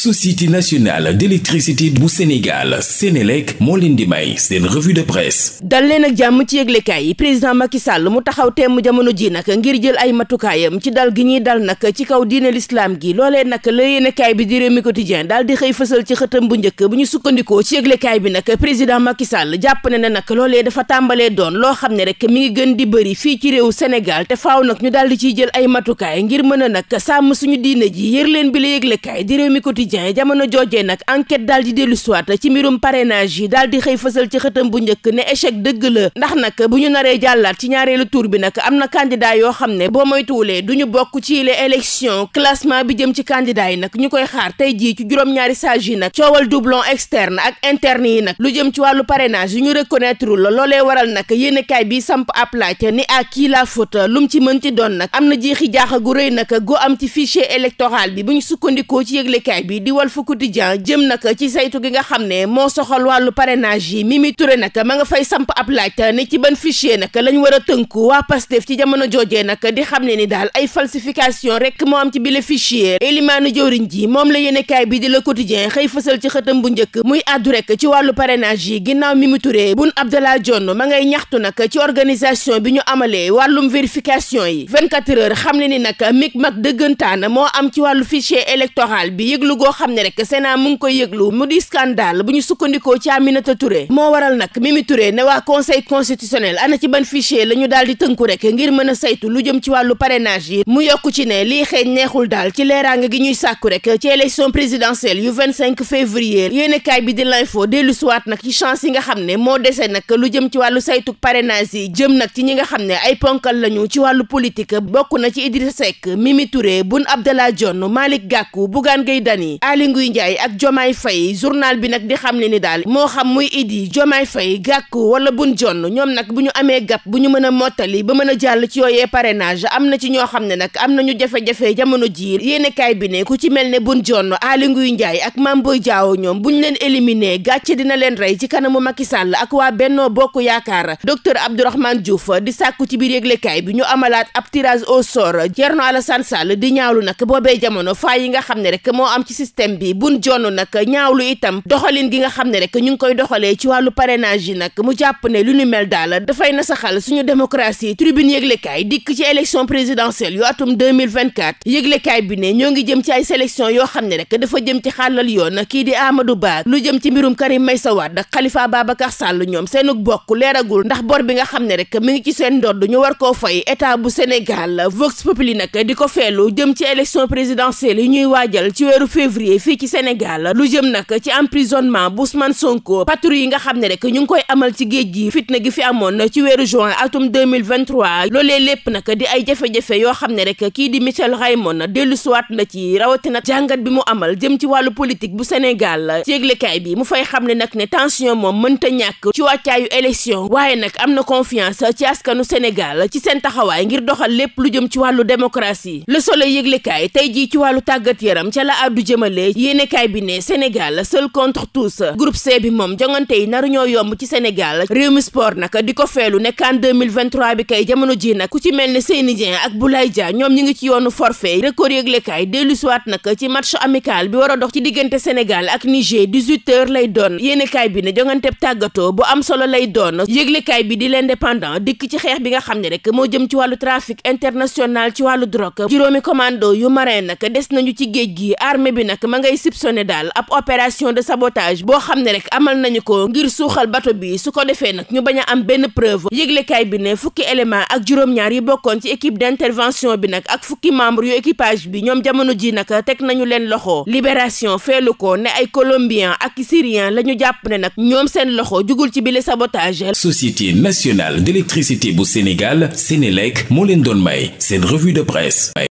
société nationale d'électricité bu Sénégal Sénélec moo leen di may seen revue de presse dal leen ak jàmm ci yëglekaay yi président Macky Sall mu taxaw temm jamono ji nag ngir jël ay matukaayam ci dal gi ñuy dal nag ci kaw diine l'islam gi loolee nag la yéenekaay bi di Rewmi Quotidien daal di xëy fësal ci xëtam bu njëkk bu ñu sukkandikoo ci yëglekaay bi nag président Macky Sall jàpp ne ne nag loolee dafa tàmbalee doon loo xam ne rek mi ngi gën di bëri fii ci réew Sénégal te faaw nag ñu daal di ciy jël ay matukaay ngir mën a nag sàmm suñu di Quotidien jamono joojee nag enquête daal di dellu soit ci mbirum parrainage yi daal di xëy fësal ci xëtam bu njëkk ne échec dëgg la ndax nag bu ñu naree jàllaat ci ñaareelu tour bi nag am na candidat yoo xam ne boo moytuwulee du ñu bokk ci les élections classement bi jëm ci candidat yi nag ñu koy xaar tey jii ci juróom-ñaari sage yi nag coowal doublon externe ak interne yi nag lu jëm ci wàllu parrainage yu ñu reconnaître la loolee waral nag yéen kaay bi samp ab ni à qui la faute lu mu ci mën ci doon nag am na jeexi jaaxa gu rëy nag am ci fichier électoral bi bu ñu sukkandikoo ci yëglekaay bi bi di Walf Quotidien jëm nag ci saytu gi nga xam ne moo soxal wàllu parrainage yi Mimi Touré nag ma nga fay samp ab laaj ne ci ban ficier nag lañ war a tënku waa Pastef ci jamono joojee nag di xam ne ni daal ay falsification rek moo am ci bile fichier Elimaanu jëwriñ ji moom la yéenekaay bi di Le Quotidien xëy fësal ci xëtam bu njëkk muy àddu rek ci wàllu parrainage yi ginnaaw mi Touré Boun Abdallah Dionne ma ngay ñaxtu nag ci organisation bi ñu amalee wàllum vérification yi 24 heures xam ne ni nag mig mag dëggantaan moo am ci wàllu fichier électoral bi yoo xam ne rek Sénat mu ngi koy yëglu mu di scandale bu ñu sukkandikoo ci Aminata Touré moo waral nag Mimi Touré ne waa conseil constitutionnel ana ci ban fichier la ñu daal di tënku rek ngir mën a saytu lu jëm ci wàllu parrainage yi mu yokk ci ne lii xeeñ neexul daal ci leeraanga gi ñuy sàkku rek ci élection présidentielle yu 25 février yéenekaay bi di l'info dellu siwaat nag ci chance yi nga xam ne moo dese nag lu jëm ci wàllu saytu parrainage yi jëm nag ci ñi nga xam ne ay ponkal lañu ci wàllu politique bokk na ci Idrissa Seck Mimi Touré Boun Abdallah Dionne Malick Gakou Bougane Gueye Dany Aly Ngouille Ndiaye ak Diomaye fay journal bi nag di xam ne ni daal moo xam muy Idi Diomaye fay gàkk wala Boun Dionne ñoom nag bu ñu amee gap bu ñu mën a mottali ba mën a jàll ci yooyee parenage am na ci ñoo xam ne nag am nañu jafe-jafe jamono jii yéenekaay bi ne ku ci mel ne Boun Dionne Aly Ngouille Ndiaye ak Mame Boye Diao ñoom bu ñu leen éliminé gàcce dina leen rey ci kanamu Macky sàll ak waa Benno Bokk Yaakaar docteur Abdourahmane Diouf di sàkku ci biir yëglekaay bi ñu amalaat ab tirage au sort Thierno Alassane Sall di ñaawlu nag boobee jamono faa yi nga xam ne rek moo am ci système bi bun jonn nag ñaawlu itam doxalin gi nga xam ne rek ñu ngi koy doxalee ci wàllu parrainage yi nag mu jàpp ne lu ñu mel daal dafay nasaxal suñu démocratie tribune yëglekaay dikk ci élection présidentielle yu atum 2024 yëglekaay bi ne ñoo ngi jëm ci ay sélection yoo xam ne rek dafa jëm ci xàllal yoon kii di Amadou Ba lu jëm ci mbirum Karim Meïssa Wade Khalifa Babacar Sall ñoom seenu bokk leeragul ndax bor bi nga xam ne rek mi ngi ci seen ndodd ñu war koo fay état bu Sénégal Vox Populi nag di ko feelu jëm ci élection présidentielle yi ñuy waajal ci weeru février février fii ci Sénégal lu jëm nag ci emprisonnement bu Ousmane yi nga xam ne rek ngi koy amal ci géej gi fitna gi fi amoon ci weeru juin atum 2023 loolee lépp nag di ay jafe-jafe yoo xam ne rek kii di Michel Raymond dellu suwaat na ci rawatina jàngat bi mu amal jëm ci wàllu politique bu Sénégal ci yëglekaay bi mu fay xam ne nag ne tension moom mënta ñàkk ci wàccaayu élection waaye nag am na confiance ci askanu senegal ci seen taxawaay ngir doxal lépp lu jëm ci wàllu démocratie Le Soleil yëglekaay tey jii ci wàllu tàggat yaram ca la àddu jëmale tàmbalee yéenekaay bi ne Sénégal seul contre tous groupe C bi moom jongante yi naru ñoo yomb ci Sénégal réew mi sport nag di ko feelu ne CAN 2023 bi kay jamono ji nag ku ci mel ne Seyni Dieng ak Boulaye Dia ñoom ñu ngi ci yoonu forfait record yëglekaay dellu siwaat nag ci match amical bi war a dox ci diggante Sénégal ak Niger 18h lay doon yéenekaay bi ne jongante tàggatoo bu am solo lay doon yëglekaay bi di l'indépendant dikk ci xeex bi nga xam ne rek moo jëm ci wàllu trafic international ci wàllu drogue juróomi commando yu marin nag des nañu ci géej nag ma ngay soupçonné daal ab opération de sabotage boo xam ne rek amal nañu ko ngir suuxal bato bi su ko defee nag ñu bañ a am benn preuve yëglekaay bi ne fukki élément ak juróom-ñaar yi bokkoon ci équipe d'intervention bi nag ak fukki membre yu équipage bi ñoom jamono ji nag teg nañu leen loxo libération feelu ko ne ay colombien ak syrien la ñu jàpp ne nag ñoom seen loxo jugul ci bile sabotage. Société nationale d'électricité bu Sénégal Sénélec moo leen doon may seen de